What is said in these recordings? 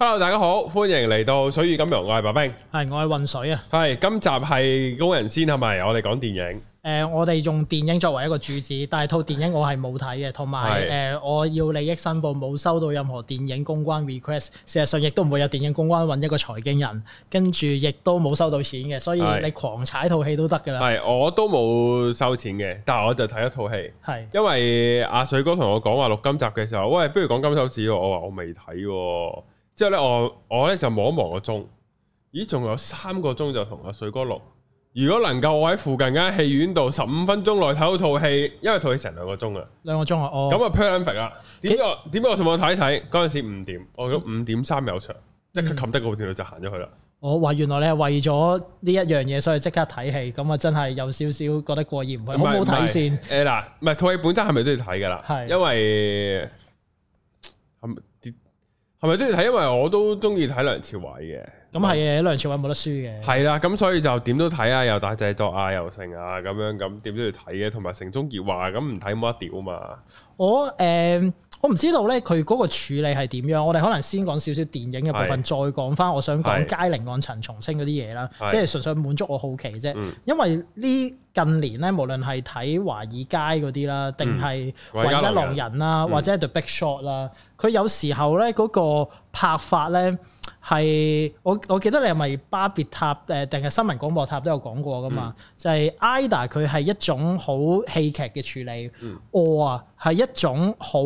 hello，大家好，歡迎嚟到水與金融，我係白兵，係我係渾水啊，係今集係高人先係咪？我哋講電影，誒、呃，我哋用電影作為一個主旨，但係套電影我係冇睇嘅，同埋誒，我要利益申報冇收到任何電影公關 request，事實上亦都唔會有電影公關揾一個財經人，跟住亦都冇收到錢嘅，所以你狂踩套戲都得㗎喇。係，我都冇收錢嘅，但係我就睇一套戲，係是，因為阿水哥同我講話錄今集嘅時候，喂，不如講金手指，我話我未睇。之後咧，我我咧就望一望個鐘，咦，仲有三個鐘就同阿水哥錄。如果能夠我喺附近間戲院度十五分鐘內睇到套戲，因為套戲成兩個鐘啊，兩個鐘啊，咁啊 perfect 啊。點幾 我點我上網睇睇，嗰陣時五點，我咗五點三有場，即刻冚得嗰部電腦就行咗去啦。我話、哦、原來你係為咗呢一樣嘢，所以即刻睇戲，咁啊真係有少少覺得過意唔去，我冇睇先。誒嗱、嗯，唔係套戲本身係咪都要睇噶啦？係的因為咁。嗯係咪都要睇？因為我都中意睇梁朝偉嘅。咁係嘅，梁朝偉冇得輸嘅。係啦，咁所以就點都睇啊，又大製作啊，又盛啊，咁樣咁點都要睇嘅、啊。同埋成中杰話咁唔睇冇得屌啊嘛。我誒。我唔知道咧，佢嗰個處理係點樣？我哋可能先講少少電影嘅部分，是再講返我想講佳寧案是、陳松青是嗰啲嘢啦。即係純粹滿足我好奇啫。嗯、因為呢近年咧，無論係睇《華爾街》嗰啲啦，定係《華爾街狼人》啦、嗯，或者係、嗯《The Big Short 啦，佢有時候咧，嗰個拍法咧係我我記得你係咪《巴別塔》誒定係新聞廣播塔都有講過㗎嘛？嗯、就係 either 佢係一種好戲劇嘅處理，or 啊係一種好。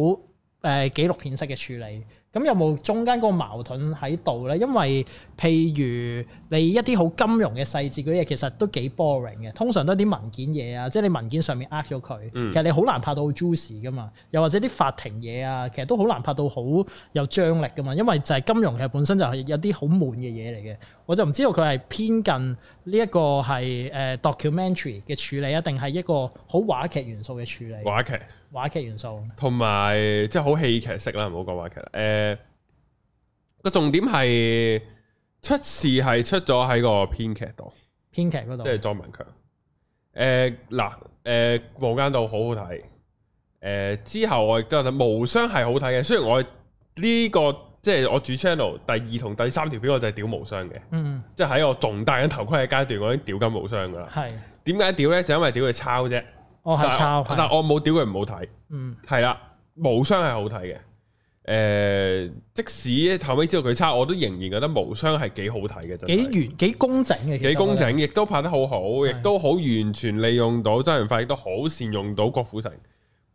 誒、呃、紀錄片式嘅處理，咁有冇中間嗰個矛盾喺度咧？因為譬如你一啲好金融嘅細節嗰啲嘢，其實都幾 boring 嘅，通常都係啲文件嘢啊，即係你文件上面呃咗佢，其實你好難拍到好 juicy 噶嘛。又或者啲法庭嘢啊，其實都好難拍到好有張力噶嘛，因為就係金融其實本身就係有啲好悶嘅嘢嚟嘅。我就唔知道佢係偏近呢一個係誒 documentary 嘅處理啊，定係一個好話劇元素嘅處理。話劇，話劇元素。同埋即係好戲劇式啦，唔好講話劇啦。誒、呃、個重點係出事係出咗喺個編劇度，編劇嗰度。即係莊文強。誒、呃、嗱，誒無、呃、間道好好睇。誒、呃、之後我亦都有睇無雙係好睇嘅，雖然我呢、呢個。即係我主 channel 第二同第三條片，我就係屌無雙嘅，嗯、即係喺我仲戴緊頭盔嘅階段，我已經屌緊無雙噶啦。係點解屌咧？就因為屌佢抄啫。我係、哦、抄，但，是但我冇屌佢唔好睇。嗯，係啦，無雙係好睇嘅。誒、呃，即使後尾知道佢抄，我都仍然覺得無雙係幾好睇嘅。就幾圓幾工整嘅，幾工整，亦都拍得好好，的亦都好完全利用到周潤發，亦都好善用到郭富城，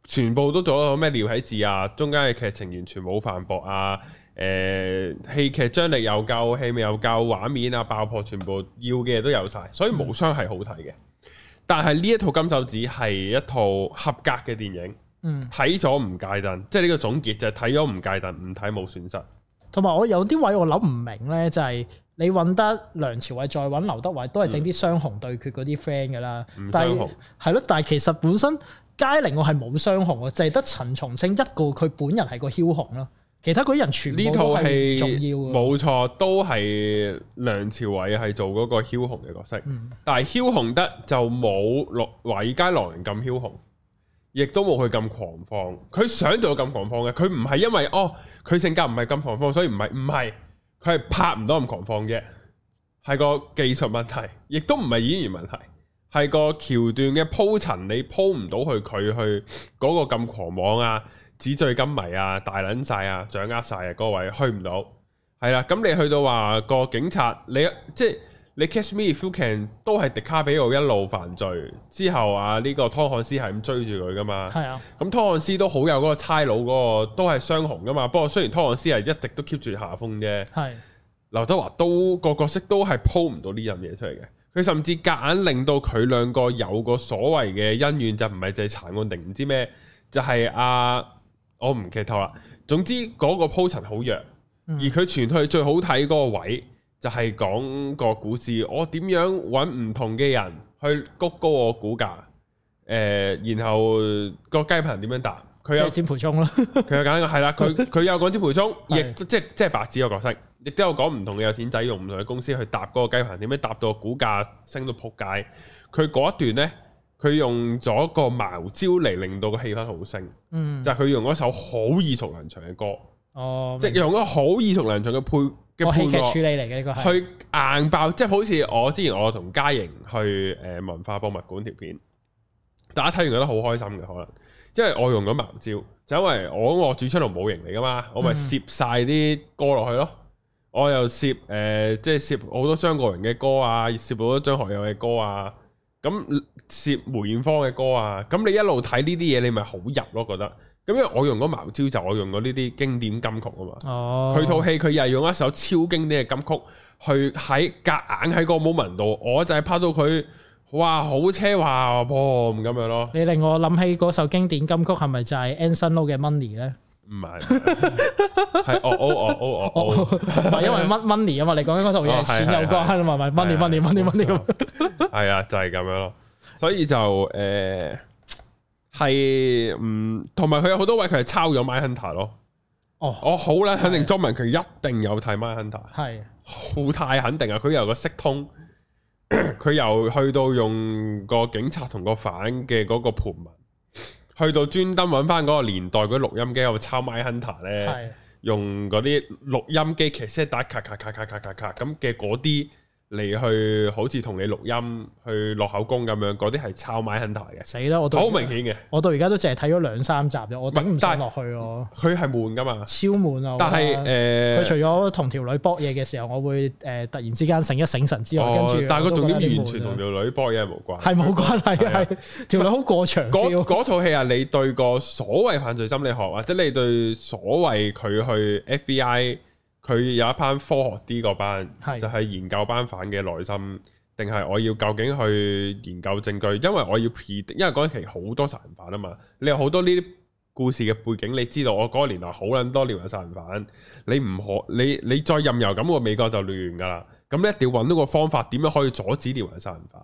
全部都做咗咩廖啟智啊，中間嘅劇情完全冇犯駁啊。誒，戲劇張力又夠，戲味又夠，畫面啊爆破，全部要嘅嘢都有晒，所以無雙係好睇嘅。嗯、但係呢一套金手指係一套合格嘅電影，嗯，睇咗唔戒頓，即係呢個總結就係睇咗唔戒頓，唔睇冇損失。同埋我有啲位我諗唔明呢，就係、是、你揾得梁朝偉再揾劉德華都係整啲雙雄對決嗰啲 friend 噶啦，雙雄係咯，但係其實本身佳寧我係冇雙雄啊，淨係得陳松青一個佢本人係個梟雄啦。其他嗰啲人全部都係重要，冇錯，都係梁朝偉係做嗰個梟雄嘅角色，嗯、但係梟雄得就冇《華爾街狼人》咁梟雄，亦都冇佢咁狂放。佢想做咁狂放嘅，佢唔係因為哦，佢性格唔係咁狂放，所以唔係，唔係，佢係拍唔到咁狂放嘅，係個技術問題，亦都唔係演員問題，係個橋段嘅鋪陳，你鋪唔到去佢去嗰個咁狂妄啊。紙醉金迷啊，大撚晒啊，掌握晒啊，各位去唔到，係啦。咁你去到話、嗰個警察，你即係你 Catch Me If You Can 都係迪卡比奧一路犯罪之後啊，呢、這個湯漢斯係咁追住佢噶嘛。係啊的。咁、嗯、湯漢斯都好有嗰個差佬嗰個，都係雙雄噶嘛。不過雖然湯漢斯係一直都 keep 住下風啫。係的。劉德華都個角色都係鋪唔到呢樣嘢出嚟嘅。佢甚至夾硬令到佢兩個有個所謂嘅恩怨，就唔係就係查案定唔知咩，就係、是、阿、啊。我唔劇透啦。總之嗰個鋪陳好弱，而佢傳去最好睇嗰個位，就係講個股市，我點樣揾唔同嘅人去谷高我股價，誒、呃，然後個雞棚點樣搭？佢有鐘培生有啦，佢有講係啦，佢佢有講鐘培生，亦即即係白紙嘅角色，亦都有講唔同嘅有錢仔用唔同嘅公司去搭嗰個雞棚，點樣搭到股價升到撲街？佢嗰一段呢。佢用咗個茅招嚟令到個氣氛好升，嗯、就係佢用嗰首好耳熟能詳嘅歌，哦、即係用嗰好耳熟能詳嘅配嘅配樂處理嚟嘅呢個，去硬爆，的即係好似我之前我同嘉瑩去誒文化博物館條片，大家睇完覺得好開心嘅可能，即係我用咗茅招，就因為我我住出嚟模型嚟噶嘛，我咪攝晒啲歌落去咯，嗯、我又攝誒、呃、即係攝好多張國榮嘅歌啊，攝好多張學友嘅歌啊。咁攝梅艷芳嘅歌啊，咁你一路睇呢啲嘢，你咪好入咯，啊，覺得。咁因為我用嗰茅招就是，我用咗呢啲經典金曲啊嘛。哦。佢套戲佢又係用一首超經典嘅金曲，去喺夾硬喺個 moment 度，我就係拍到佢，哇，好奢華 boom 咁樣咯。你令我諗起嗰首經典金曲係咪就係 Anson Lo 嘅 Money 咧？唔係，係哦哦哦哦哦，唔係因為 money 啊嘛，你講嗰套嘢，錢有關啊嘛，咪 money money money money 咁，係啊，就係咁樣咯，所以就誒係嗯，同埋佢有好多位佢係抄咗 Mind Hunter 咯，哦，我好啦，肯定莊文強一定有睇 Mind Hunter，係好太肯定啊，佢由個色通，佢又去到用個警察同個犯嘅嗰個盤文。去到專登揾翻嗰個年代嗰啲錄音機，喺度抄麥亨泰咧，用嗰啲錄音機其實即係打咔咔咔咔咔咔咔咁嘅嗰啲。嚟去好似同你錄音，去落口供咁樣，嗰啲係抄埋 Mindhunter 嘅。死啦！我好明顯嘅，我到而家都淨係睇咗兩三集啫，我頂唔落去咯。佢係悶噶嘛？超悶啊！但係誒，佢除咗同條女搏嘢嘅時候，我會誒突然之間醒一醒神之外，跟住但係個重點完全同條女搏嘢係冇關係，係冇關係嘅，係條女好過場。嗰套戲啊，你對個所謂犯罪心理學，或者你對所謂佢去 FBI？佢有一班科學啲嗰班，是就係研究班犯嘅內心，定係我要究竟去研究證據，因為我要撇，因為嗰陣期好多殺人犯啊嘛，你有好多呢啲故事嘅背景，你知道我嗰個年代好撚多連環殺人犯，你唔可，你你再任由咁，個美國就亂㗎啦。咁你一定要揾到個方法，點樣可以阻止連環殺人犯？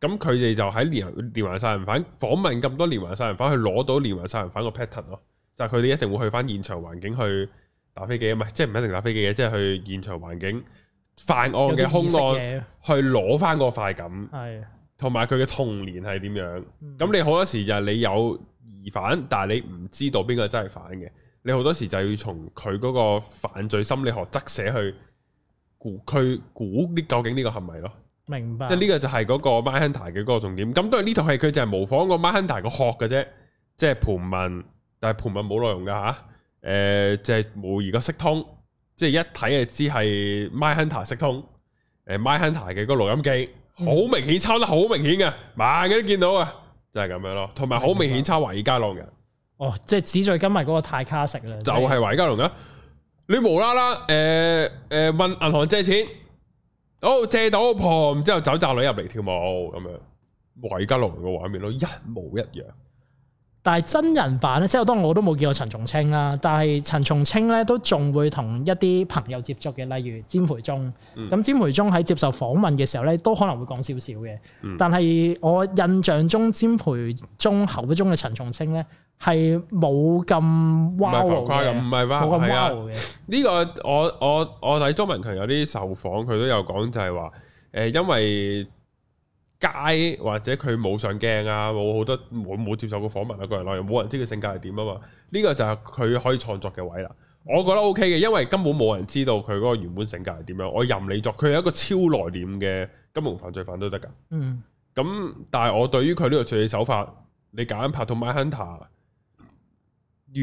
咁佢哋就喺連連環殺人犯訪問，咁多連環殺人犯，去攞到連環殺人犯個 pattern 咯，就係佢哋一定會去翻現場環境去。打飛機啊，唔係即係唔一定打飛機嘅，即係去現場環境犯案嘅兇案，去攞翻個快感。同埋佢嘅童年係點樣？咁、嗯、你好多時就係你有疑犯，但係你唔知道邊個真係犯嘅。你好多時就要從佢嗰個犯罪心理學側寫去估佢估啲究竟呢個係咪咯？明白。即係呢個就係嗰個 Mindhunter 嘅嗰個重點。咁當然呢套戲，佢就係模仿個 Mindhunter 個殼嘅啫，即係盤問，但係盤問冇內容㗎吓。誒，即係無而個色調，即係一睇就知係 Mindhunter 色調，誒、呃、Mindhunter 嘅嗰個錄音機，好明顯抄得好明顯嘅，盲嘅都見到啊，就係、是、咁樣咯。同埋好明顯抄華爾街狼嘅，哦，即係紙醉金迷嗰個太卡食啦，就係華爾街狼啊！你無啦啦，誒、呃、誒、呃、問銀行借錢，好、哦、借到阿婆，婆，然之後走扎女入嚟跳舞咁樣，華爾街狼嘅畫面咯，一模一樣。但係真人版咧，即係當我都冇見過陳松青啦。但係陳松青咧都仲會同一啲朋友接觸嘅，例如詹培忠。咁詹、嗯、培忠喺接受訪問嘅時候咧，都可能會講少少嘅。但係我印象中詹培忠口中嘅陳松青咧，係冇咁 wow 嘅唔係浮誇咁，唔係 wow 嘅。呢、啊這個我我我睇周文強有啲受訪，佢都有講就係話，誒、呃、因為。街或者佢冇上鏡啊，冇好多冇冇接受過訪問啊，個人內容冇人知佢性格係點啊嘛。呢、這個就係佢可以創作嘅位啦。我覺得 OK 嘅，因為根本冇人知道佢嗰個原本性格係點樣。我任你作，佢係一個超內斂嘅金融犯罪犯都得噶。嗯、咁、嗯、但係我對於佢呢個處理手法，你揀拍套《Mindhunter》，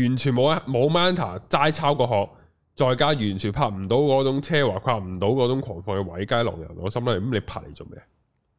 完全冇冇《Mindhunter》齋抄個學，再加完全拍唔到嗰種奢華，拍唔到嗰種狂放嘅華爾街狼人，我心諗咁你拍嚟做咩？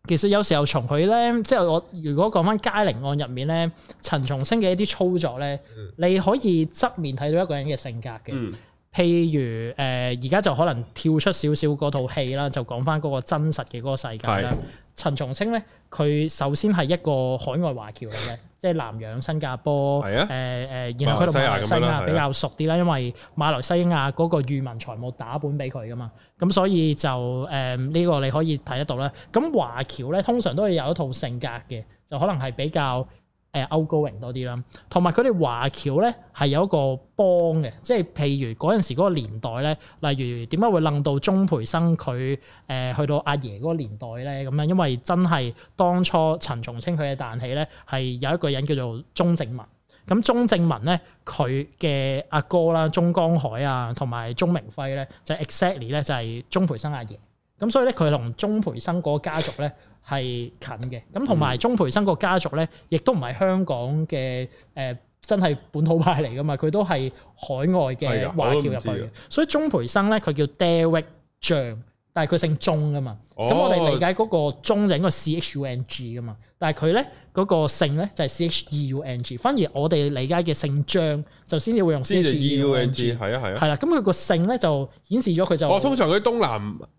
其實有時候從佢咧，即係我如果講翻《佳寧案》入面咧，陳松青嘅一啲操作咧，你可以側面睇到一個人嘅性格嘅。嗯、譬如誒，而、呃、家就可能跳出少少嗰套戲啦，就講翻嗰個真實嘅嗰個世界啦。陳松青咧，佢首先係一個海外華僑嚟嘅，即係南洋新加坡，誒誒、啊呃，然後佢同馬來西亞、啊、比較熟啲啦，因為馬來西亞嗰個裕民財務打本俾佢噶嘛，咁所以就誒呢、呃這個你可以睇得到啦。咁華僑咧，通常都會有一套性格嘅，就可能係比較。誒歐高榮多啲啦，同埋佢哋華僑咧係有一個幫嘅，即係譬如嗰陣時嗰個年代咧，例如點解會愣到鍾培生佢誒、呃、去到阿爺嗰個年代咧咁樣？因為真係當初陳松青佢嘅彈起咧，係有一個人叫做鍾正文。咁鍾正文咧佢嘅阿哥啦鍾江海啊，同埋鍾明輝咧就 exactly 咧就係鍾培生阿爺。咁所以咧佢同鍾培生嗰個家族咧，係近嘅，咁同埋鍾培生個家族咧，亦都唔係香港嘅誒、呃，真係本土派嚟噶嘛。佢都係海外嘅華僑入去，啊、所以鍾培生咧，佢叫 David Zhang。但係佢姓鐘噶嘛，咁、哦、我哋理解嗰個鐘就應該 C H U N G 噶嘛，但係佢咧嗰個姓咧就係、是、C H E U N G，反而我哋理解嘅姓張就先至會用先 h E U N G，係啊係啊，係啦，咁佢個姓咧就顯示咗佢就我、哦、通常嗰啲東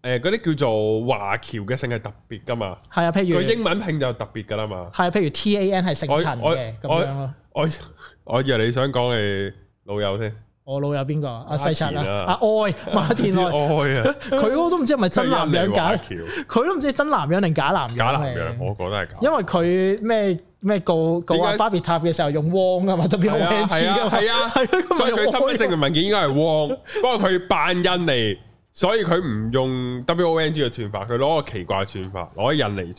南誒嗰啲叫做華僑嘅姓係特別噶嘛，係啊。譬如佢英文拼就特別噶啦嘛，係啊，譬如 T A N 係姓陳嘅咁樣咯，我樣我以為你想講你老友添。我老友邊個？阿細陳啦，阿哀馬田哀啊，佢都唔知係咪真男人假，佢都唔知真男人定假男人。假男人，我覺得係假。因為佢咩咩告告阿巴比塔嘅時候用汪啊嘛，特別好名次噶嘛。係係啊，啊啊啊 所以佢身份證嘅文件應該係汪，不過佢扮印尼，所以佢唔用 W O N G 嘅串法，佢攞個奇怪串法，攞印尼。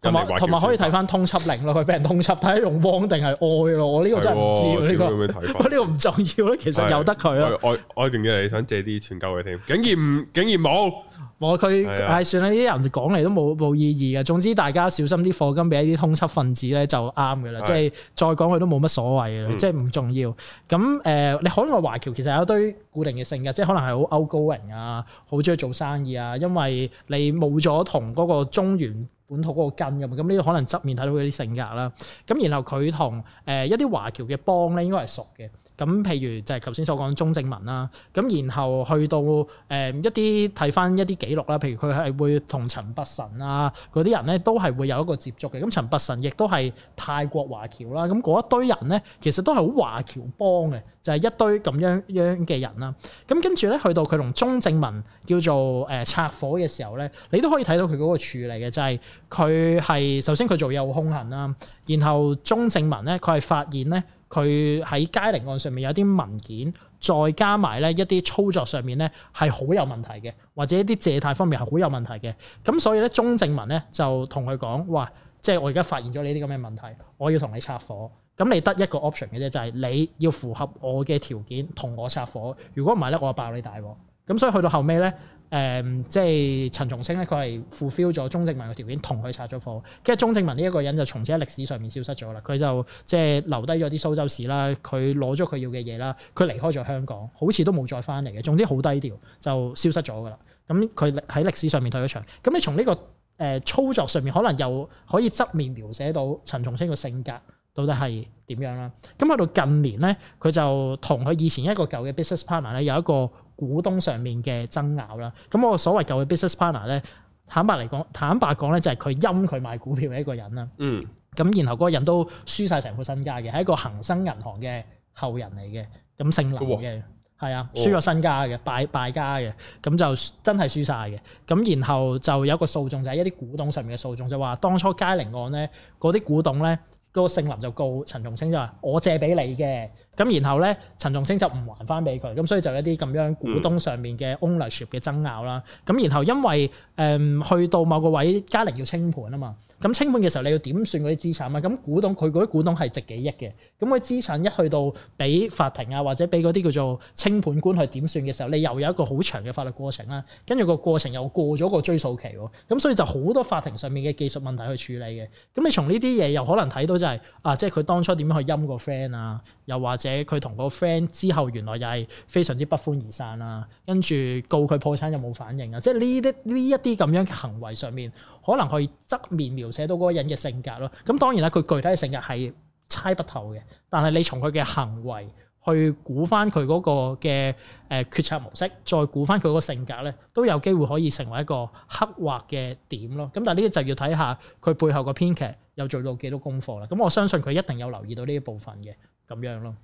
同埋同埋可以睇翻通緝令咯，佢俾 人通緝，睇下用幫定係愛咯。我呢個真係唔知呢的、這個，呢個唔重要咯。其實的由得佢咯。我我仲要係想借啲錢交嘅添。竟然唔竟然冇我佢他唉，的算啦。呢啲人講嚟都冇冇意義嘅。總之大家小心啲課金俾一啲通緝分子咧就啱嘅啦。即係的再講佢都冇乜所謂嘅，即係唔重要。咁誒、呃，你海外華僑其實有一堆。固定嘅性格，即係可能係好 outgoing 啊，好中意做生意啊，因為你冇咗同嗰個中原本土嗰個根咁，咁呢啲可能側面睇到佢啲性格啦。咁然後佢同誒一啲華僑嘅幫咧，應該係熟嘅。咁譬如就係頭先所講鍾正文啦，咁然後去到誒、呃、一啲睇翻一啲記錄啦，譬如佢係會同陳弼臣啊嗰啲人咧，都係會有一個接觸嘅。咁陳弼臣亦都係泰國華僑啦，咁嗰一堆人咧，其實都係好華僑幫嘅，就係、是、一堆咁樣樣嘅人啦。咁跟住咧去到佢同鍾正文叫做誒、呃、拆夥嘅時候咧，你都可以睇到佢嗰個處理嘅，就係佢係首先佢做嘢好兇狠啦，然後鍾正文咧佢係發現咧。佢喺佳寧案上面有啲文件，再加埋咧一啲操作上面咧係好有問題嘅，或者一啲借貸方面係好有問題嘅。咁所以咧，鍾正文咧就同佢講：「哇，即係我而家發現咗你啲咁嘅問題，我要同你拆夥。」咁你得一個 option 嘅啫，就係你要符合我嘅條件同我拆夥。如果唔係咧，我話爆你大鑊。咁所以去到後尾咧。誒、嗯，即係陳松青咧，佢係 fulfill 咗鍾正文嘅條件，同佢拆咗貨。跟住鍾正文呢一個人就從此喺歷史上面消失咗啦。佢就即係留低咗啲蘇州市啦，佢攞咗佢要嘅嘢啦，佢離開咗香港，好似都冇再翻嚟嘅。總之好低調，就消失咗噶啦。咁佢喺歷史上面退咗場。咁你從呢個誒操作上面，可能又可以側面描寫到陳松青嘅性格到底係點樣啦。咁去到近年咧，佢就同佢以前一個舊嘅 business partner 咧有一個股東上面嘅爭拗啦，咁我所謂舊嘅 business partner 咧，坦白嚟講，坦白講咧就係佢陰佢賣股票嘅一個人啦。嗯。咁然後嗰人都輸晒成副身家嘅，係一個恒生銀行嘅後人嚟嘅，咁姓林嘅，係、哦哦、啊，輸咗身家嘅，敗敗、哦、家嘅，咁就真係輸晒嘅。咁然後就有一個訴訟就係、是、一啲股東上面嘅訴訟，就話、是、當初佳寧案咧，嗰啲股東咧，嗰、那個姓林就告陳松青就話我借俾你嘅。咁然後咧，陳松青就唔還翻俾佢，咁所以就有一啲咁樣股東上面嘅 ownership 嘅爭拗啦。咁然後因為誒、嗯、去到某個位，佳寧要清盤啊嘛。咁清盤嘅時候，你要點算嗰啲資產啊？咁股東佢嗰啲股東係值幾億嘅，咁佢資產一去到俾法庭啊，或者俾嗰啲叫做清盤官去點算嘅時候，你又有一個好長嘅法律過程啦、啊。跟住個過程又過咗個追訴期喎、啊，咁所以就好多法庭上面嘅技術問題去處理嘅。咁你從呢啲嘢又可能睇到就係、是、啊，即係佢當初點樣去陰個 friend 啊，又或者～佢同個 friend 之後原來又係非常之不歡而散啦、啊，跟住告佢破產又冇反應啊！即係呢啲呢一啲咁樣嘅行為上面，可能去側面描寫到嗰個人嘅性格咯。咁、嗯、當然啦、啊，佢具體嘅性格係猜不透嘅。但係你從佢嘅行為去估翻佢嗰個嘅誒決策模式，再估翻佢個性格咧，都有機會可以成為一個刻畫嘅點咯。咁、嗯、但係呢個就要睇下佢背後個編劇有做到幾多功課啦。咁、嗯、我相信佢一定有留意到呢一部分嘅咁樣咯。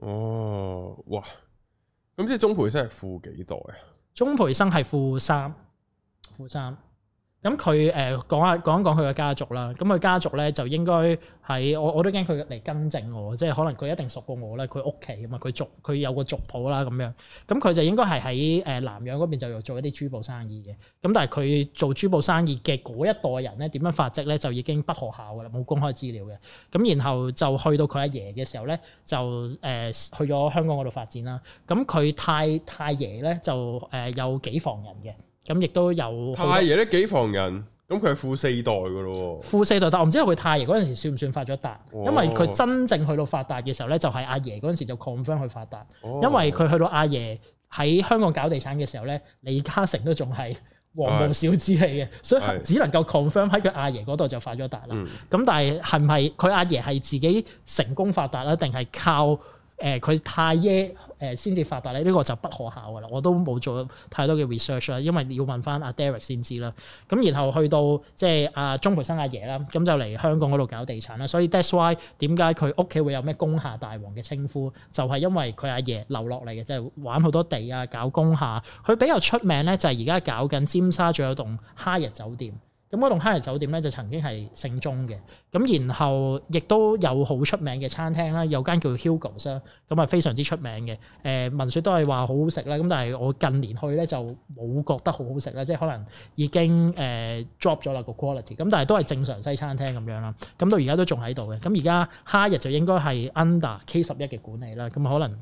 哦，哇！咁即係鍾培生係富幾代啊？鍾培生係富三，富三。咁佢誒講下講一講佢嘅家族啦。咁佢家族咧就應該喺我我都驚佢嚟更正我，即係可能佢一定熟過我啦。佢屋企咁啊，佢族佢有個族譜啦咁樣。咁佢就應該係喺誒南洋嗰邊就做一啲珠寶生意嘅。咁但係佢做珠寶生意嘅嗰一代人咧，點樣發跡咧就已經不可考啦，冇公開資料嘅。咁然後就去到佢阿爺嘅時候咧，就誒、呃、去咗香港嗰度發展啦。咁佢太太爺咧就誒、呃、有幾房人嘅。咁亦都有太爺咧幾房人，咁佢係富四代噶咯，富四代，但我唔知道佢太爺嗰陣時算唔算發咗達，哦、因為佢真正去到發達嘅時候咧，就係、是、阿爺嗰陣時就 confirm 佢發達，哦、因為佢去到阿爺喺香港搞地產嘅時候咧，李嘉誠都仲係黃毛小子氣嘅，哎、所以只能夠 confirm 喺佢阿爺嗰度就發咗達啦。咁、嗯、但係係咪佢阿爺係自己成功發達啦，定係靠？誒佢、呃、太爺先至發達咧，呢、這個就不可考噶啦，我都冇做太多嘅 research 啦，因為要問翻阿、啊、Derek 先知啦。咁然後去到即係阿鍾培生阿爺啦，咁、嗯、就嚟香港嗰度搞地產啦。所以 that's why 點解佢屋企會有咩工廈大王嘅稱呼，就係、是、因為佢阿爺留落嚟嘅，即、就、係、是、玩好多地啊，搞工廈。佢比較出名咧，就係而家搞緊尖沙咀有棟哈日酒店。咁嗰棟哈爾酒店咧就曾經係姓鐘嘅，咁然後亦都有好出名嘅餐廳啦，有間叫 Hugos 啦，咁啊非常之出名嘅，誒、呃、文説都係話好好食啦，咁但係我近年去咧就冇覺得好好食啦，即係可能已經誒 drop 咗啦個 quality，咁但係都係正常西餐廳咁樣啦，咁到而家都仲喺度嘅，咁而家哈爾就應該係 Under K 十一嘅管理啦，咁可能。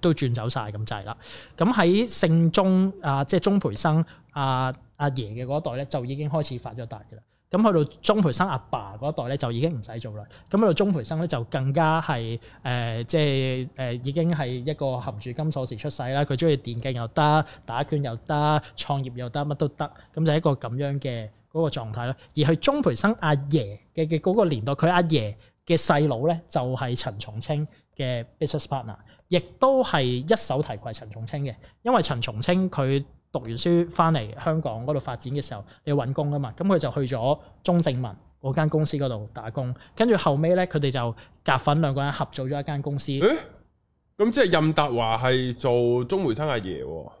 都轉走晒，咁就係啦。咁喺姓鐘啊，即係鐘培生阿阿、啊啊、爺嘅嗰一代咧，就已經開始發咗達嘅啦。咁去到鐘培生阿爸嗰一代咧，就已經唔使做啦。咁去到鐘培生咧就更加係誒、呃，即係誒、呃，已經係一個含住金鎖匙出世啦。佢中意電競又得，打拳又得，創業又得，乜都得。咁就係一個咁樣嘅嗰個狀態啦。而去鐘培生阿、啊、爺嘅嘅嗰個年代，佢阿、啊、爺嘅細佬咧就係、是、陳松青嘅 business partner，亦都係一手提攜陳松青嘅。因為陳松青佢讀完書翻嚟香港嗰度發展嘅時候，你要揾工啊嘛，咁佢就去咗鐘正文嗰間公司嗰度打工。跟住後尾咧，佢哋就夾份兩個人合組咗一間公司。誒、欸，咁即係任達華係做鐘培生阿爺喎、啊。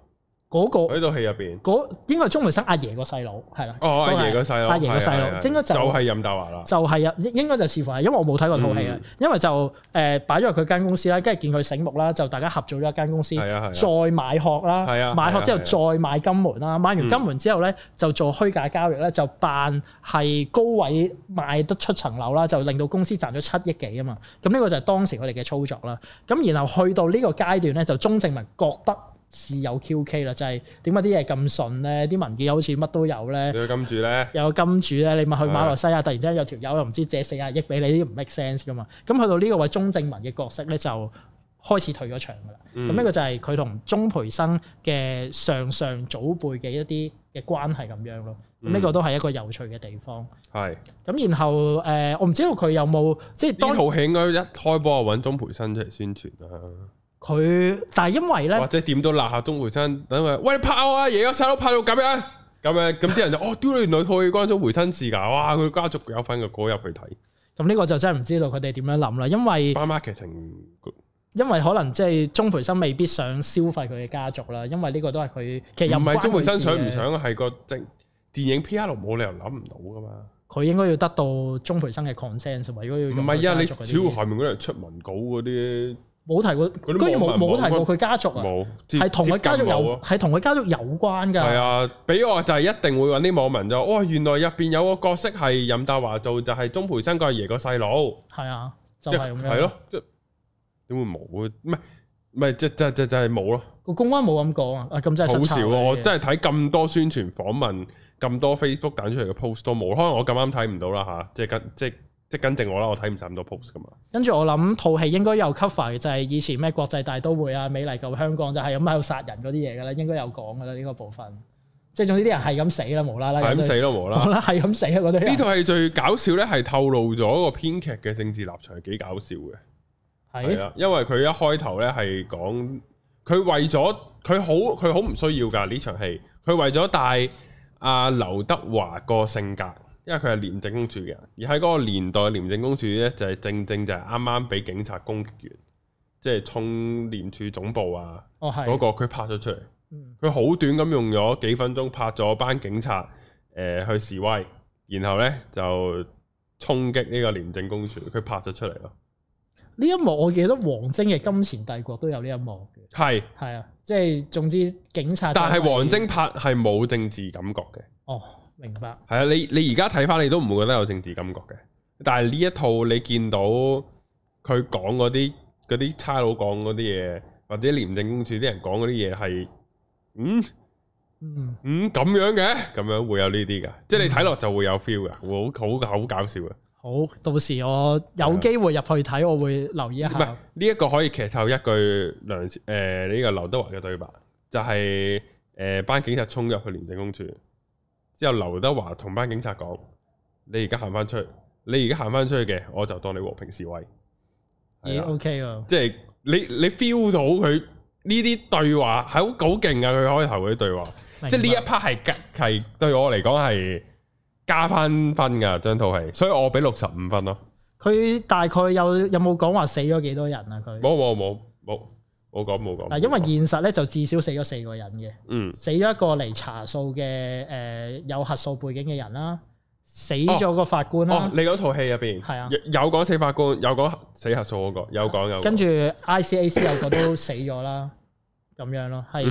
嗰個喺套戲入邊，嗰應該係鍾培生阿爺個細佬，係啦。哦，阿爺個細佬，阿爺個細佬應該就就係任達華啦。就係、是、啊，應該就似乎係，因為我冇睇過套戲啊。嗯、因為就誒擺咗佢間公司啦，跟住見佢醒目啦，就大家合作咗一間公司，嗯、再買殼啦，的買殼之後再買金門啦，買完金門之後咧就做虛假交易咧，就扮係高位賣得出層樓啦，就令到公司賺咗七億幾啊嘛。咁呢個就係當時佢哋嘅操作啦。咁然後去到呢個階段咧，就鍾正文覺得是有 QK 啦，就係點解啲嘢咁順咧？啲文件又好似乜都有咧。呢有金主咧，有金主咧。你咪去馬來西亞，的突然之間有條友又唔知借四啊億俾你，唔 make sense 噶嘛？咁去到呢個位，鐘正文嘅角色咧就開始退咗場噶啦。咁呢、嗯、個就係佢同鐘培生嘅上上祖輩嘅一啲嘅關係咁樣咯。咁呢、嗯、個都係一個有趣嘅地方。係的。咁然後誒、呃，我唔知道佢有冇即係當套戲應該一開波揾鐘培生出嚟宣傳啦。佢，但係因為咧，或者點都鬧下鍾培生，等佢喂你拍我啊，爺個細佬拍到咁樣，咁樣咁啲人就 哦，丟你原來可以關鍾培生事噶、啊，哇！佢家族有份嘅，攞入去睇，咁呢個就真係唔知道佢哋點樣諗啦，因為 marketing，因為可能即係鍾培生未必想消費佢嘅家族啦，因為呢個都係佢其實唔係鍾培生想唔想係個即電影 PR 冇理由諗唔到噶嘛，佢應該要得到鍾培生嘅 consent 喎，如果要唔係啊，你超要後面嗰啲出文稿嗰啲。冇提過，居然冇冇提過佢家族啊？係同佢家族有係同佢家族有關噶。係啊，俾我就係一定會揾啲網民就：「哦，原來入邊有個角色係任達華做，就係、是、鍾培生個阿爺個細佬。係啊，就係、是、咁樣。係咯、啊，即係點會冇？唔係唔係，即係即係即係冇咯。個公關冇咁講啊！啊咁真係好少。我真係睇咁多宣傳訪問，咁多 Facebook 彈出嚟嘅 post 都冇。可能我咁啱睇唔到啦吓。即係即係。即即跟正我啦，我睇唔晒咁多 post 噶嘛。跟住我諗套戲應該有 cover 就係以前咩國際大都會啊、美麗舊香港就係咁喺度殺人嗰啲嘢噶啦，應該有講噶啦呢個部分。即係總之啲人係咁死啦，無啦啦，係咁死啦，無啦啦，係咁死啊！啲呢套戲最搞笑咧，係透露咗個編劇嘅政治立場係幾搞笑嘅。係啊，因為佢一開頭咧係講佢為咗佢好佢好唔需要噶呢場戲，佢為咗帶阿劉德華個性格。因為佢係廉政公署嘅，而喺嗰個年代，廉政公署咧就係、是、正正就係啱啱俾警察攻擊完，即、就、係、是、衝廉署總部啊、那個！哦，係嗰個佢拍咗出嚟，佢好、嗯、短咁用咗幾分鐘拍咗班警察誒、呃、去示威，然後呢就衝擊呢個廉政公署，佢拍咗出嚟咯。呢一幕我記得王晶嘅《金錢帝國》都有呢一幕嘅，係係啊，即係、就是、總之警察。但係王晶拍係冇政治感覺嘅。哦。明白，係啊！你你而家睇翻，你都唔會覺得有政治感覺嘅。但係呢一套你見到佢講嗰啲嗰啲差佬講嗰啲嘢，或者廉政公署啲人講嗰啲嘢，係嗯嗯嗯咁樣嘅，咁樣會有呢啲噶。即係你睇落就會有 feel 嘅，好好好搞笑嘅。好，到時我有機會入去睇，的我會留意一下。唔係呢一個可以劇透一句梁誒呢個劉德華嘅對白，就係誒班警察衝入去廉政公署。之後劉德華同班警察講：你而家行翻出去，你而家行翻出去嘅，我就當你和平示威。咦？O K 喎，yeah, okay. 即係你你 feel 到佢呢啲對話係好好勁噶，佢開頭嗰啲對話，對話明白。即係呢一 part 係係對我嚟講係加翻分噶，張套戲，所以我俾六十五分咯。佢大概有有冇講話死咗幾多人啊？佢冇冇冇冇。冇講冇講。嗱，因為現實咧就至少死咗四個人嘅，嗯，死咗一個嚟查數嘅，誒有核數背景嘅人啦，死咗個法官啦。哦，你嗰套戲入邊係啊，有講死法官，有講死核數嗰個，有講有。跟住 I C A C 有個都死咗啦，咁樣咯，係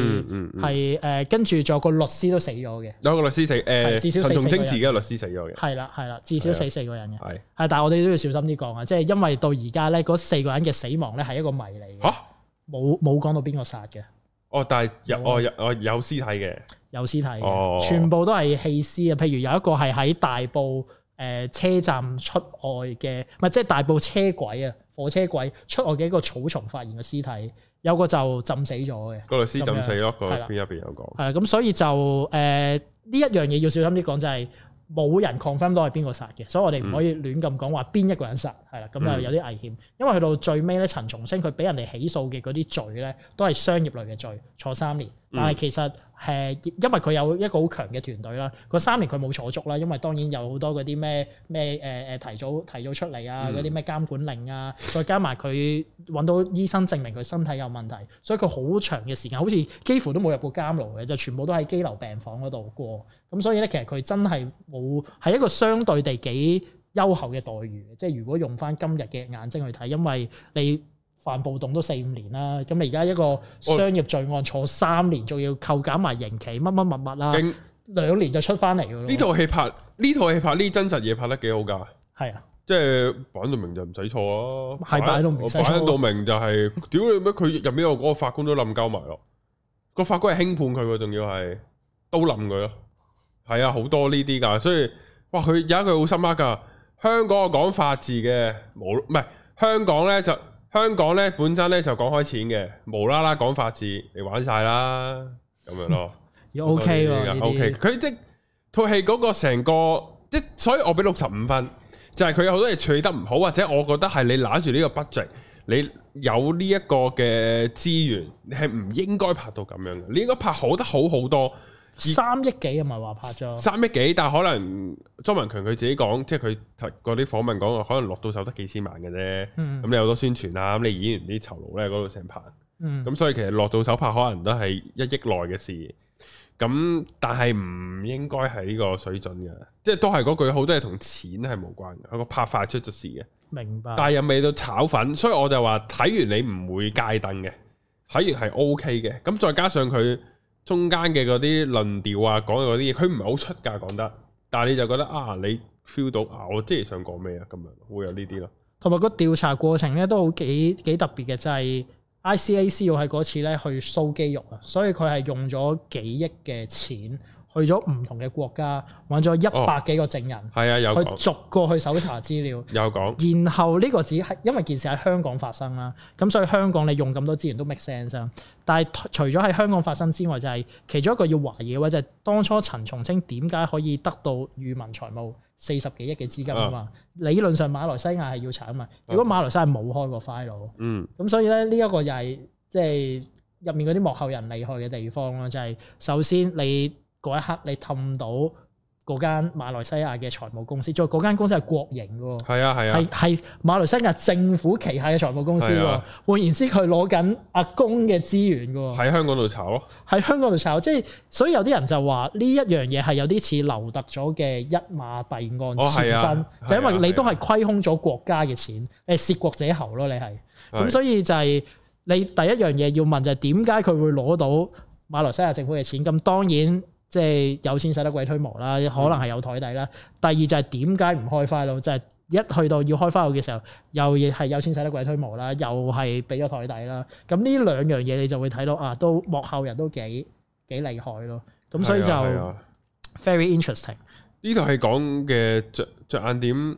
係誒，跟住仲有個律師都死咗嘅。有個律師死誒，陳仲清自己個律師死咗嘅。係啦係啦，至少死四個人嘅。係係，但係我哋都要小心啲講啊，即係因為到而家咧，嗰四個人嘅死亡咧係一個迷嚟嘅。嚇！冇冇講到邊個殺嘅，哦，但係有，我有有屍體嘅，有屍體，有屍體、哦、全部都係棄屍啊！譬如有一個係喺大埔誒、呃、車站出外嘅，唔係即係大埔車軌啊，火車軌出外嘅一個草叢發現嘅屍體，有個就浸死咗嘅，個律師浸死咗，咁樣個邊一邊有個，係咁所以就誒呢、呃、一樣嘢要小心啲講就係、是。冇人 confirm 到係邊個殺嘅，所以我哋唔可以亂咁講話邊一個人殺，係啦、嗯，咁就有啲危險，因為去到最尾咧，陳松青佢俾人哋起訴嘅嗰啲罪咧，都係商業類嘅罪，坐三年。但係其實誒，因為佢有一個好強嘅團隊啦。佢三年佢冇坐足啦，因為當然有好多嗰啲咩咩誒誒提早提早出嚟啊，嗰啲咩監管令啊，再加埋佢揾到醫生證明佢身體有問題，所以佢好長嘅時間，好似幾乎都冇入過監牢嘅，就全部都喺羈留病房嗰度過。咁所以咧，其實佢真係冇係一個相對地幾優厚嘅待遇，即係如果用翻今日嘅眼睛去睇，因為你，犯暴動都四五年啦，咁你而家一個商業罪案坐三年，仲我要扣減埋刑期什麼什麼什麼，乜乜乜物啦，兩年就出翻嚟噶咯。呢套戲拍呢套戲拍呢真實嘢拍得幾好噶？係啊，即係擺到明就唔使坐啊，擺到明唔使擺到明就係屌你咩？佢入邊有嗰個法官都冧交埋咯，個法官係輕判佢喎，仲要係都冧佢咯。係啊，好多呢啲㗎，所以哇，佢有一句好深刻㗎，香港我講法治嘅冇，唔係香港咧就。香港呢本身呢就講開錢嘅，無啦啦講法治，你玩晒啦咁樣咯 're，OK OK 佢即套戲嗰個成個即所以我俾六十五分，就係、是、佢有好多嘢處理得唔好，或者我覺得係你攞住呢個 budget，你有呢一個嘅資源，你係唔應該拍到咁樣嘅，你應該拍好得好好多。三億幾唔係話拍咗？三億幾，但係可能。莊文強佢自己講，即係佢嗰啲訪問講，可能落到手得幾千萬嘅啫。咁、嗯嗯、你好多宣傳啊？咁你演完啲酬勞咧，嗰度成棚。咁、嗯、所以其實落到手拍，可能都係一億內嘅事。咁但係唔應該係呢個水準嘅，即係都係嗰句，好多嘢同錢係冇關嘅。個拍法出咗事嘅，明白。但係又未到炒粉，所以我就話睇完你唔會街燈嘅，睇完係 OK 嘅。咁再加上佢中間嘅嗰啲論調啊，講嘅嗰啲嘢，佢唔係好出價講得。但係你就覺得啊，你 feel 到啊，我即係想講咩啊，咁樣會有呢啲咯。同埋個調查過程咧都好幾幾特別嘅，就係、是、ICAC 要喺嗰次咧去 show 肌肉啊，所以佢係用咗幾億嘅錢。去咗唔同嘅國家，揾咗一百幾個證人，哦啊、去逐個去搜查資料，說然後呢個只係因為件事喺香港發生啦，咁所以香港你用咁多資源都 make sense 啊。但係除咗喺香港發生之外、就是，就係其中一個要懷疑嘅話、就是，就係當初陳松青點解可以得到裕民財務四十幾億嘅資金啊嘛？理論上馬來西亞係要查啊嘛。如果馬來西亞冇開個 file，嗯，咁、啊、所以咧呢一、這個又係即係入面嗰啲幕後人厲害嘅地方咯，就係、是、首先你。嗰一刻你氹到嗰間馬來西亞嘅財務公司，再嗰間公司係國營嘅喎，係啊係啊，係馬來西亞政府旗下嘅財務公司喎。換言之，佢攞緊阿公嘅資源嘅喎。喺香港度炒咯，喺香港度炒，即係所以有啲人就話呢一樣嘢係有啲似劉特佐嘅一馬弊案前身，就因為你都係虧空咗國家嘅錢，誒，涉國者仇咯，你係咁，所以就係你第一樣嘢要問就係點解佢會攞到馬來西亞政府嘅錢？咁當然。即係有錢使得鬼推磨啦，可能係有台底啦。嗯、第二就係點解唔開花路，就係、是，一去到要開花路嘅時候，又係有錢使得鬼推磨啦，又係俾咗台底啦。咁呢兩樣嘢你就會睇到啊，都幕後人都幾幾厲害咯。咁所以就、啊啊、very interesting。呢套戲講嘅着著眼點，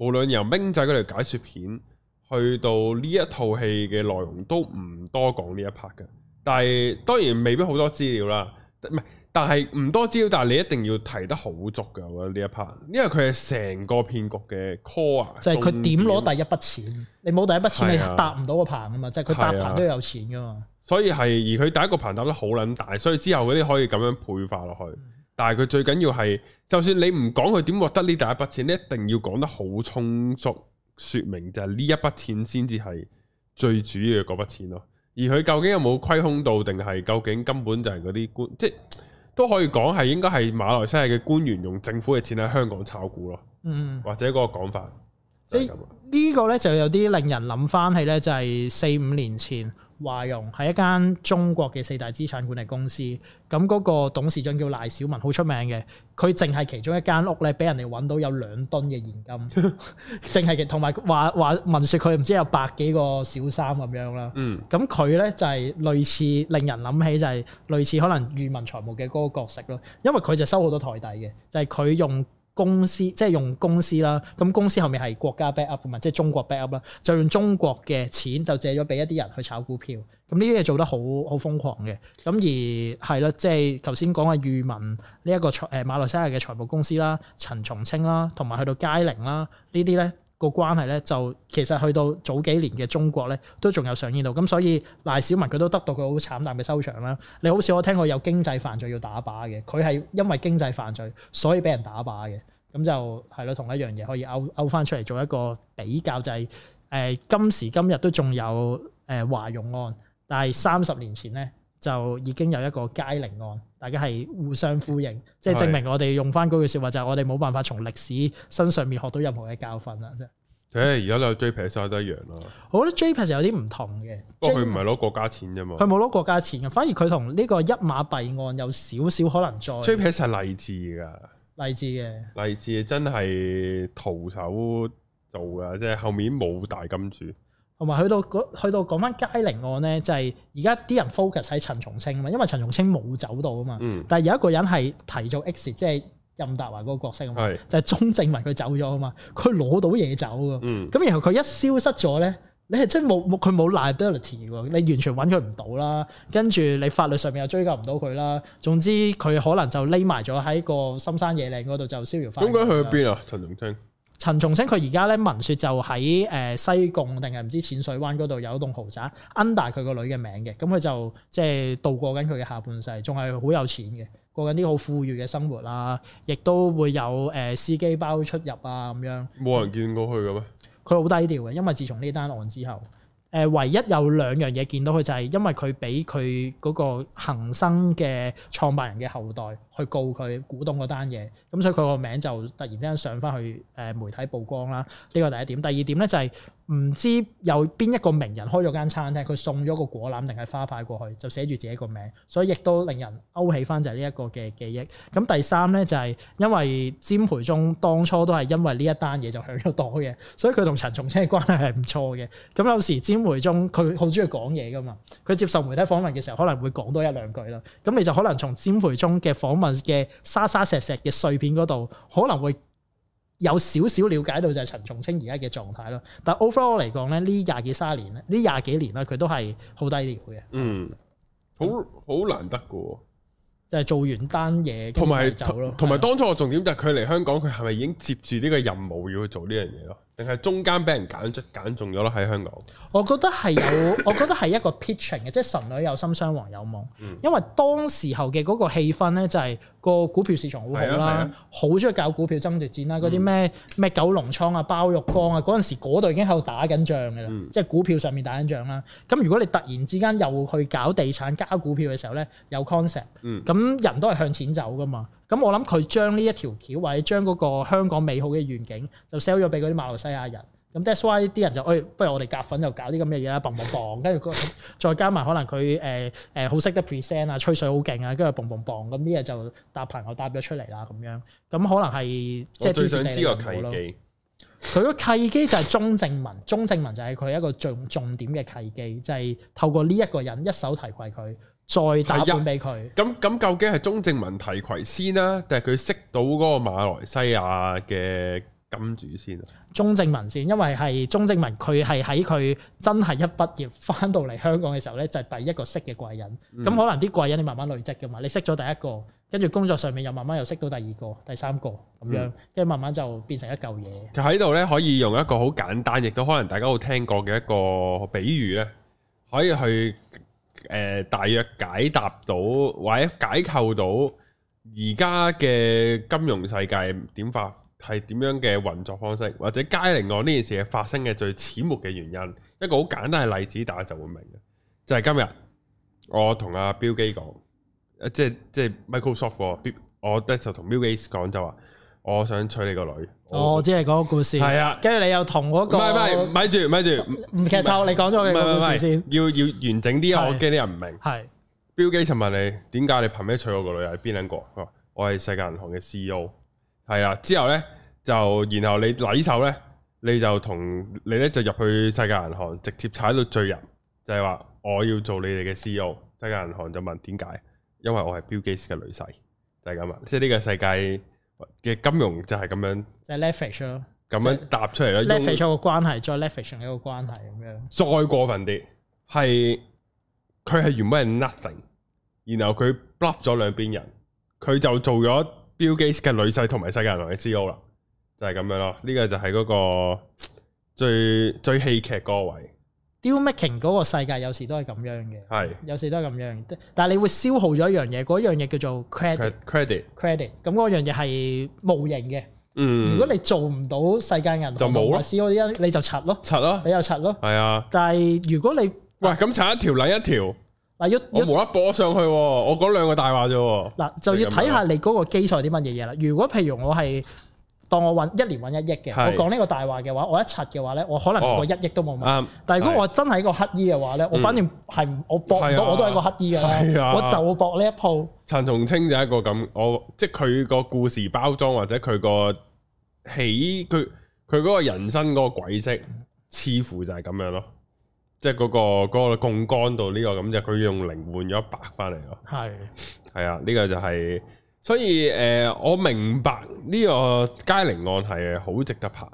無論由冰仔嗰條解説片去到呢一套戲嘅內容，都唔多講呢一 part 嘅。但係當然未必好多資料啦，唔係。但係唔多招，但係你一定要提得好足嘅，我覺得呢一 part，因為佢係成個騙局嘅 core，就係是佢點攞第一筆錢。你冇第一筆錢，啊、你搭唔到個棚啊嘛，即係佢搭棚都有錢噶嘛、啊。所以係，而佢第一個棚搭得好撚大，所以之後嗰啲可以咁樣倍化落去。但係佢最緊要係，就算你唔講佢點獲得呢第一筆錢，你一定要講得好充足，説明就係呢一筆錢先至係最主要嘅嗰筆錢咯。而佢究竟有冇虧空到，定係究竟根本就係嗰啲官？即都可以講係應該係馬來西亞嘅官員用政府嘅錢喺香港炒股咯，嗯、或者嗰個講法、嗯，所以呢個呢、嗯、就有啲令人諗翻起呢就係四五年前。華融係一間中國嘅四大資產管理公司，咁嗰個董事長叫賴小民，好出名嘅。佢淨係其中一間屋咧，俾人哋揾到有兩噸嘅現金，淨係同埋話話聞説佢唔知有百幾個小三咁樣啦。咁佢咧就係、是、類似令人諗起就係類似可能裕民財務嘅嗰個角色咯，因為佢就收好多台底嘅，就係、是、佢用。公司即係用公司啦，咁公司後面係國家 back up 㗎嘛，即係中國 back up 啦，就用中國嘅錢就借咗俾一啲人去炒股票，咁呢啲嘢做得好好瘋狂嘅，咁而係咯，即係頭先講嘅裕民呢一個財，誒馬來西亞嘅財務公司啦，陳松青啦，同埋去到佳寧啦，呢啲咧。個關係咧，就其實去到早幾年嘅中國咧，都仲有上演到，咁所以賴小民佢都得到佢好慘淡嘅收場啦。你好似我聽過有經濟犯罪要打靶嘅，佢係因為經濟犯罪所以俾人打靶嘅，咁就係咯，同一樣嘢可以勾勾翻出嚟做一個比較，就係、是、誒、呃、今時今日都仲有誒、呃、華融案，但係三十年前咧，就已經有一個佳靈案，大家係互相呼應，即係證明我哋用翻嗰句説話，是就係我哋冇辦法從歷史身上面學到任何嘅教訓啦。啫，誒，而家你 J 撇曬都一樣咯。我覺得 J 撇有啲唔同嘅，不過佢唔係攞國家錢啫嘛。佢冇攞國家錢嘅，反而佢同呢個一馬弊案有少少可能再。J 撇係例子㗎，例子嘅，例志真係徒手做㗎，即、就、係、是、後面冇大金主。同埋去到去到講翻佳寧案咧，就係而家啲人 focus 喺陳松青啊嘛，因為陳松青冇走到啊嘛。嗯、但係有一個人係提做 X，即係任達華嗰個角色啊嘛，是就係鐘正文。佢走咗啊嘛，佢攞到嘢走噶。咁然後佢一消失咗咧，你係真冇冇佢冇 liability 喎，ility，你完全揾佢唔到啦。跟住你法律上面又追究唔到佢啦。總之佢可能就匿埋咗喺個深山野嶺嗰度就逍遙快。咁佢去邊啊？陳松青？陳松青佢而家咧聞説就喺誒、呃、西貢定係唔知淺水灣嗰度有一棟豪宅 under 佢個女嘅名嘅，咁佢就即係、就是、度過緊佢嘅下半世，仲係好有錢嘅，過緊啲好富裕嘅生活啦，亦都會有誒司、呃、機包出入啊咁樣。冇人見過佢嘅咩？佢好低調嘅，因為自從呢單案之後，誒、呃、唯一有兩樣嘢見到佢就係、是、因為佢俾佢嗰個恆生嘅創辦人嘅後代，去告佢股東嗰單嘢，咁所以佢個名就突然之間上翻去誒、呃、媒體曝光啦。呢、這個第一點，第二點咧就係、是、唔知有邊一個名人開咗間餐廳，佢送咗個果籃定係花牌過去，就寫住自己個名，所以亦都令人勾起翻就係呢一個嘅記憶，咁第三咧就係、是、因為詹培忠當初都係因為呢一單嘢就響咗朵嘅，所以佢同陳松青嘅關係係唔錯嘅。咁有時詹培忠佢好中意講嘢噶嘛，佢接受媒體訪問嘅時候可能會講多一兩句啦。咁你就可能從詹培忠嘅訪問。嘅沙沙石石嘅碎片嗰度，可能會有少少了解到就係陳松青而家嘅狀態咯。但 overall 嚟講咧，呢廿幾三年咧，呢廿幾年咧，佢都係好低調嘅。嗯，是好好難得嘅。就係做完單嘢，同埋走咯。同埋當初嘅重點就係佢嚟香港，佢係咪已經接住呢個任務要去做呢樣嘢咯？定係中間俾人揀出揀中咗咯，喺香港，我覺得係有， 我覺得係一個 pitching 嘅，即係神女有心襄王有夢。嗯、因為當時候嘅嗰個氣氛咧，就係個股票市場好好啦，好中意搞股票爭奪戰啦，嗰啲咩咩九龍倉啊、包玉剛啊，嗰陣時嗰度已經喺度打緊仗嘅啦，即係、嗯、股票上面打緊仗啦。咁如果你突然之間又去搞地產加股票嘅時候咧，有 concept，咁、嗯、人都係向前走噶嘛。咁、嗯、我諗佢將呢一條橋，或者將嗰個香港美好嘅願景，就 sell 咗俾嗰啲馬來西亞人。咁 that's why 啲人就誒、欸，不如我哋夾份就搞啲咁嘅嘢啦，boom boom boom 跟住，再加埋可能佢誒誒好識得 present 啊，吹水好勁啊，跟住 boom boom boom 咁啲嘢就搭棚我搭咗出嚟啦，咁樣。咁可能係即係最想知個契機。佢個契機就係鐘正文， 鐘正文就係佢一個重重點嘅契機，就係、是、透過呢一個人一手提攜佢。再打賠俾佢。咁咁究竟係鐘正文提攜先啦，定係佢識到嗰個馬來西亞嘅金主先啊？鐘正文先，因為係鐘正文佢係喺佢真係一畢業翻到嚟香港嘅時候咧，就係第一個識嘅貴人。咁可能啲貴人你慢慢累積噶嘛，你識咗第一個，跟住工作上面又慢慢又識到第二個、第三個咁樣，跟住慢慢就變成一嚿嘢。就喺度咧，可以用一個好簡單，亦都可能大家都聽過嘅一個比喻咧，可以去。誒、呃，大約解答到或者解構到而家嘅金融世界點發係點樣嘅運作方式，或者佳寧案呢件事嘅發生嘅最淺末嘅原因。一個好簡單嘅例子，大家就會明嘅。就係、是、今日，我同阿標基講，誒、啊，即係即係 Microsoft、那個，我咧就同標基講就話、是。我想娶你個女，哦、我只係嗰個故事係啊。跟住你又同嗰、那個唔係，咪住咪住，唔劇透。你講咗嘅故事先，要要完整啲啊！我驚啲人唔明。係 Bill Gates 就問你點解，你憑咩娶我個女？係邊兩個？我係世界銀行嘅 C E O 係啊。之後咧就然後你禮手咧，你就同你咧就入去世界銀行，直接踩到罪人，就係、是、話我要做你哋嘅 C E O。世界銀行就問點解？因為我係 Bill Gates 嘅女婿就係咁啊。即係呢個世界。嘅金融就係咁樣，即係 leverage 咯，咁樣搭出嚟啦 leverage 個關係，再 leverage 一個關係咁樣。再過分啲，係佢係原本係 nothing，然後佢 bluff 咗兩邊人，佢就做咗 Bill Gates 嘅女婿同埋世界銀行嘅 CEO 啦，就係、是、咁樣咯。呢、這個就係嗰個最最戲劇嗰個位。Dealmaking 嗰個世界有時都係咁樣嘅，有時都係咁樣。但係你會消耗咗一樣嘢，嗰一樣嘢叫做 credit，credit，credit。咁嗰樣嘢係無形嘅。嗯，如果你做唔到世界銀行，就冇咯。C O I，你就拆咯，拆咯，你又拆咯。係啊，但係如果你喂咁拆一條，甩一條嗱，要我無啦播上去，我講兩個大話啫。嗱，就要睇下你嗰個基礎係啲乜嘢嘢啦。如果譬如我係。當我揾一年揾一億嘅，是我講呢個大話嘅話，我一拆嘅話咧，我可能個一億都冇問。哦嗯、但係如果我真係一個乞兒嘅話咧，嗯、我反正係我博唔到，啊、我都係一個乞兒嘅，啊、我就博呢一鋪。陳松青就係一個咁，我即係佢個故事包裝或者佢個起，佢佢嗰個人生嗰個軌跡，似乎就係咁樣咯。即係嗰、那個嗰、那個槓桿度呢個咁就佢用零換咗一百翻嚟咯。係係是啊，呢、這個就係、是。所以誒、呃，我明白呢、這個《佳寧案》係好值得拍，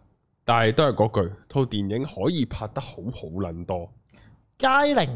但係都係嗰句，套電影可以拍得好好，撚多《佳寧案》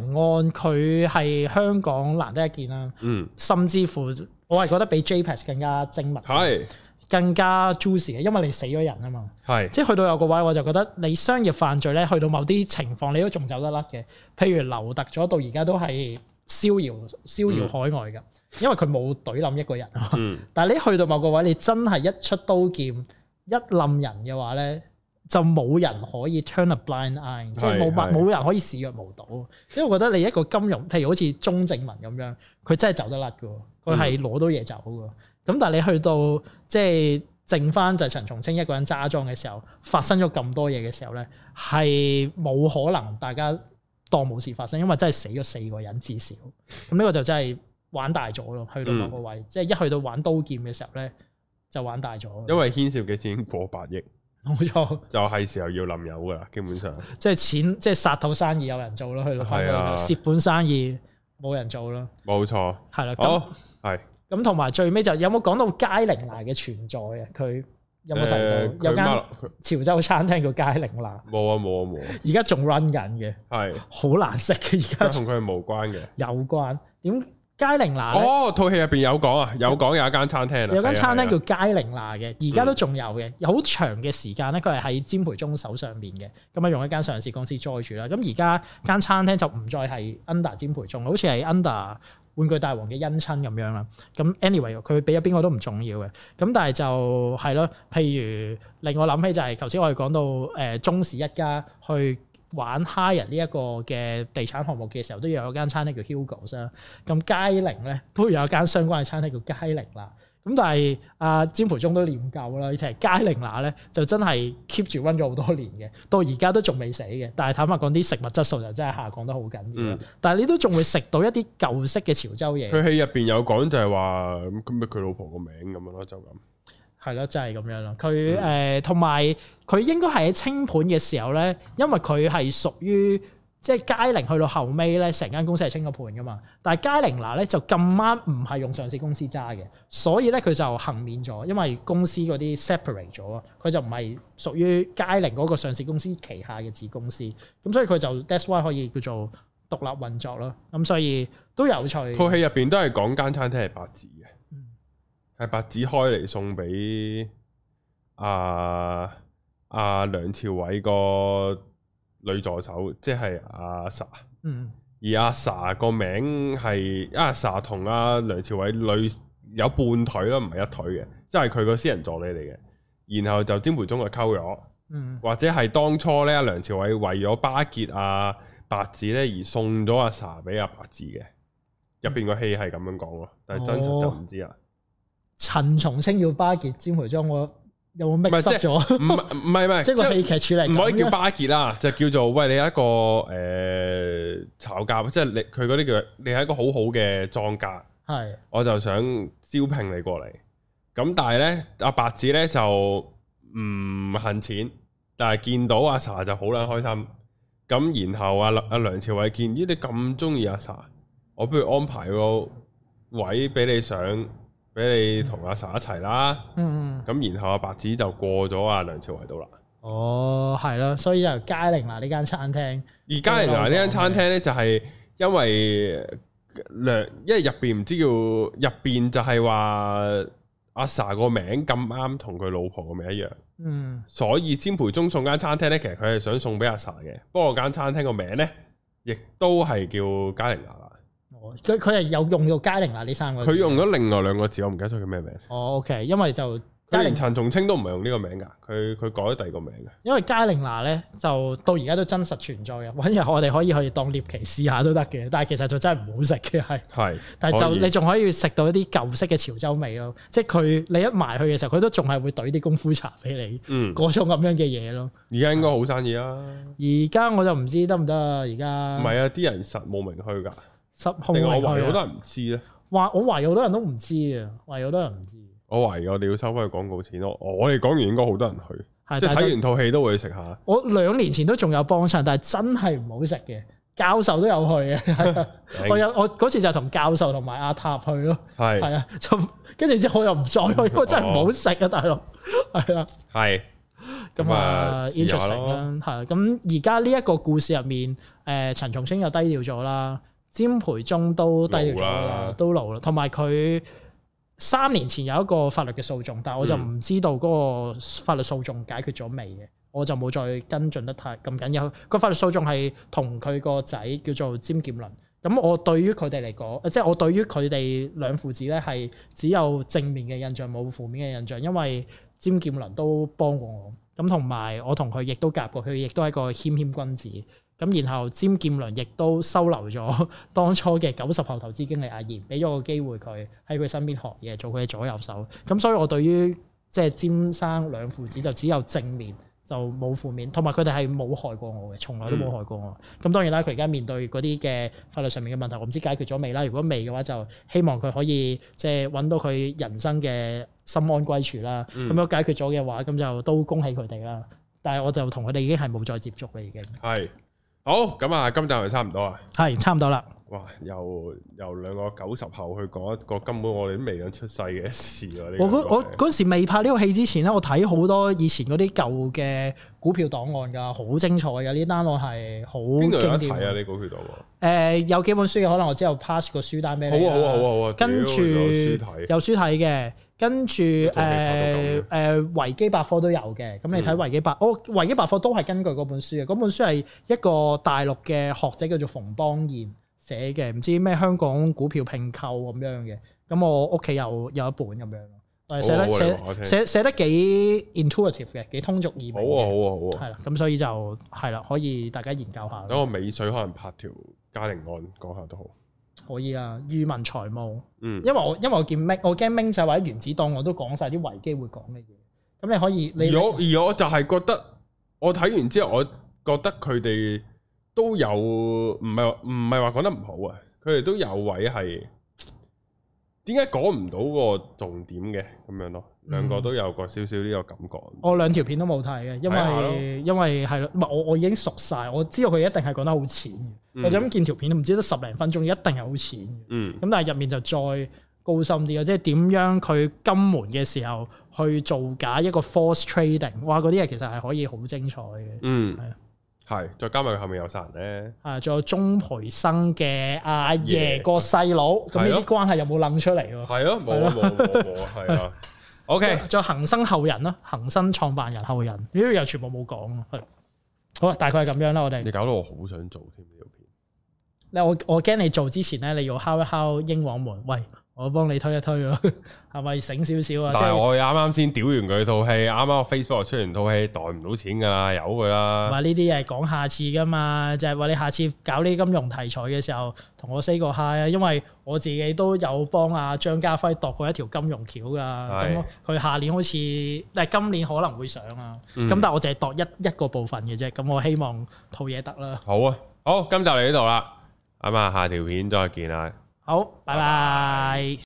佢係香港難得一見啦。嗯，甚至乎我係覺得比 JPEX 更加精密，係是更加 juicy 嘅，因為你死咗人啊嘛。係是，即係去到有個位，我就覺得你商業犯罪咧，去到某啲情況，你都仲走得甩嘅。譬如劉特佐到而家都係。逍遙、逍遙海外㗎，因為佢冇隊冧一個人啊。嗯、但係你去到某個位，你真係一出刀劍一冧人嘅話咧，就冇人可以 turn a blind eye，嗯、即係冇冇人可以視若無睹。嗯、因為我覺得你一個金融，譬如好似鐘正文咁樣，佢真係走得甩嘅，佢係攞到嘢走嘅。咁但係你去到即係剩翻就係陳松青一個人揸莊嘅時候，發生咗咁多嘢嘅時候咧，係冇可能大家。當冇事發生，因為真係死咗四個人至少，咁呢個就真係玩大咗咯。去到某個位，嗯、即係一去到玩刀劍嘅時候呢，就玩大咗。因為牽涉嘅錢已經過百億，冇錯，就係時候要淋油噶啦，基本上。即係錢，即係殺頭生意有人做咯，去到去到就蝕本生意冇人做咯。冇錯，係啦。好係、哦。咁同埋最尾就有冇講到佳寧娜嘅存在啊？佢有冇睇到、呃、有間潮州餐廳叫佳寧娜？冇啊冇啊冇！而家仲 run 緊嘅，係好是難食嘅。而家同佢係無關嘅。哦，有關點？我是佳寧娜哦，套戲入邊有講啊，有講有一間餐廳啊，有間餐廳叫佳寧娜嘅，而家都仲有嘅，有好長嘅時間咧，佢係喺詹培忠手上面嘅，咁啊用一間上市公司載住啦。咁而家間餐廳就唔再係 under 詹培忠，好似係 under。玩具大王嘅姻親咁樣啦，咁 anyway 佢俾咗邊個都唔重要嘅，咁但係就係、是、咯，譬如令我諗起就係頭先我哋講到誒、呃、鍾氏一家去玩 High 人呢一個嘅地產項目嘅時候，都要有間餐廳叫 Hugo's 啦，咁佳寧咧都有一間相關嘅餐廳叫佳寧啦。咁但係阿、啊、詹培忠都念舊啦，而且佳寧娜咧就真係 keep 住溫咗好多年嘅，到而家都仲未死嘅。但係坦白講，啲食物質素就真係下降得好緊要。嗯、但係你都仲會食到一啲舊式嘅潮州嘢。佢喺入邊有講就係話，咁咪佢老婆個名咁樣咯，就咁。係啦，就係、是、咁樣咯。佢誒同埋佢應該係喺清盤嘅時候咧，因為佢係屬於。即係佳寧去到後尾咧，成間公司係清咗盤㗎嘛。但係佳寧娜咧就咁啱唔係用上市公司揸嘅，所以咧佢就幸免咗，因為公司嗰啲 separate 咗啊，佢就唔係屬於佳寧嗰個上市公司旗下嘅子公司，咁所以佢就 that's why 可以叫做獨立運作咯。咁所以都有趣。套戲入邊都係講間餐廳係白紙嘅，係白紙開嚟送俾啊啊梁朝偉個女助手即係阿 sa，嗯、而阿 sa 個名係阿 sa 同阿梁朝偉女有半腿咯，唔係一腿嘅，即係佢個私人助理嚟嘅。然後就詹培忠就溝咗，嗯、或者係當初咧，梁朝偉為咗巴結、啊、白子阿，阿白字咧而送咗阿 sa 俾阿白字嘅，入邊個戲係咁樣講咯，嗯、但係真實就唔知啦、哦。陳松青要巴結詹培忠咯。有冇 mix up 咗？唔係唔係唔係，即係個戲劇處理，唔可以叫巴結啦， 就叫做喂，你有一個誒炒價，即、呃、係、就是、你佢嗰啲叫你係一個好好嘅莊家，係是我就想招聘你過嚟。咁但係咧，阿白子咧就唔恨錢，但係見到阿 sa 就好捻開心。咁然後阿、啊、阿梁，梁朝偉見咦、欸、你咁中意阿 sa，我不如安排個位俾你上。俾你同阿 Sa 一齊啦，嗯，嗯，咁然後阿白子就過咗阿梁朝偉度啦，哦，係咯，所以就佳玲娜呢間餐廳，而佳玲娜呢間餐廳咧就係因為梁、嗯，因為入邊唔知叫入邊就係話阿 Sa 個名咁啱同佢老婆個名一樣，嗯，所以詹培忠送間餐廳咧，其實佢係想送俾阿 Sa 嘅，不過間餐廳個名咧亦都係叫佳玲娜啦。佢佢係有用到佳寧娜呢三個字，佢用咗另外兩個字，我唔記得咗叫咩名。哦，OK，因為就佳寧陳松青都唔係用呢個名噶，佢佢改第二個名嘅。因為佳寧娜咧，就到而家都真實存在嘅，揾日我哋可以去當獵奇試下都得嘅。但係其實就真係唔好食嘅，係係，但係就你仲可以食到一啲舊式嘅潮州味咯，即係佢你一埋去嘅時候，佢都仲係會懟啲功夫茶俾你，嗰、嗯、種咁樣嘅嘢咯。而家應該好生意啦行行啊！而家我就唔知得唔得啊！而家唔係啊，啲人實慕名去噶。另外，懷疑好多人唔知咧。話我懷疑好多人都唔知啊，懷疑好多人都唔知。我懷疑我哋要收翻個廣告錢咯。我哋講完應該好多人去，即係睇完套戲都會食下。我兩年前都仲有幫襯，但係真係唔好食嘅。教授都有去嘅，我有我嗰次就同教授同埋阿塔去咯。係係啊，就跟住之後我又唔再去，因為真係唔好食啊，大陸係啊。係咁啊 interesting 啦。係啊，咁，而家呢一個故事入面，誒陳重清又低調咗啦。詹培忠都低咗啦，了都老啦。同埋佢三年前有一個法律嘅訴訟，但係我就唔知道嗰個法律訴訟解決咗未嘅，我就冇再跟進得太咁緊要。個法律訴訟係同佢個仔叫做詹劍倫。咁我對於佢哋嚟講，即係我對於佢哋兩父子咧，係只有正面嘅印象，冇負面嘅印象。因為詹劍倫都幫過我，咁同埋我同佢亦都夾過，佢亦都係個謙謙君子。咁然後，詹劍良亦都收留咗當初嘅九十後投資經理阿賢，俾咗個機會佢喺佢身邊學嘢，做佢嘅左右手。咁所以我對於即係詹生兩父子就只有正面，就冇負面，同埋佢哋係冇害過我嘅，從來都冇害過我。咁、嗯、當然啦，佢而家面對嗰啲嘅法律上面嘅問題，我唔知解決咗未啦。如果未嘅話，就希望佢可以即係揾到佢人生嘅心安歸處啦。咁樣、嗯、解決咗嘅話，咁就都恭喜佢哋啦。但係我就同佢哋已經係冇再接觸啦，已經。係。好咁啊，今集就差唔多啦，係差唔多啦。哇，由由兩個九十後去講一個根本我哋都未有出世嘅事啊！我是我嗰時未拍呢個戲之前咧，我睇好多以前嗰啲舊嘅股票檔案噶，好精彩嘅呢單案係好經典。邊度有得睇啊？呢股票檔案？誒、呃，有幾本書嘅，可能我之後 pass 個書單咩、啊？你啦、啊啊。好啊好啊好啊，跟住著有書睇，有書睇嘅。跟住誒誒維基百科都有嘅，咁你睇維基百，我、嗯哦、維基百科都係根據嗰本書嘅，嗰本書係一個大陸嘅學者叫做馮邦彥寫嘅，唔知咩香港股票併購咁樣嘅，咁我屋企有有一本咁樣咯、啊得啊，寫得寫寫得幾 intuitive 嘅，幾通俗易明，好啊好啊好啊，係啦、啊，咁、啊、所以就係啦，可以大家研究下。等我美水可能拍條嘉陵案講下都好。可以啊，裕民財務，嗯、因為我因為我見 Ming 我驚 Ming 曬或者原子檔我，我都講晒啲維基會講嘅嘢。咁你可以，如果，而我就係覺得，我睇完之後，我覺得佢哋都有唔係唔係話講得唔好啊，佢哋都有位係。點解講唔到個重點嘅咁樣咯？兩個都有個少少呢個感覺、嗯。我兩條片都冇睇嘅，因為、啊、因為係咯，唔係我我已經熟晒，我知道佢一定係講得好淺嘅。我、嗯、就咁見條片，都唔知得十零分鐘，一定係好淺嘅。嗯。咁但係入面就再高深啲咯，即係點樣佢金門嘅時候去造假一個 false trading，哇！嗰啲嘢其實係可以好精彩嘅。嗯。係啊。係，再加埋佢後面有殺人咧。啊，仲有鍾培生嘅阿、啊、爺個細佬，咁啲的關係有冇諗出嚟？係咯，冇冇冇，係啊。 O K，仲有恒生後人啦，恒生創辦人後人，呢啲又全部冇講。好啦，大概係咁樣啦，我哋。你搞到我好想做添呢條片。你 我我驚你做之前咧，你要敲一敲英皇門喂。我幫你推一推，係咪醒少少啊？但係我啱啱先屌完佢套戲，啱啱我 Facebook 出完套戲，袋唔到錢㗎啦，由佢啦。唔係呢啲係講下次㗎嘛，就係話你下次搞呢金融題材嘅時候，同我 say 個 hi，因為我自己都有幫阿張家輝度過一條金融橋㗎。咁佢下年好似，但係今年可能會上啊。咁但係我淨係度一一個部分嘅啫。咁我希望套嘢得啦。好啊，好，今集嚟呢度啦，啱啊，下條片再見啊！好，拜拜。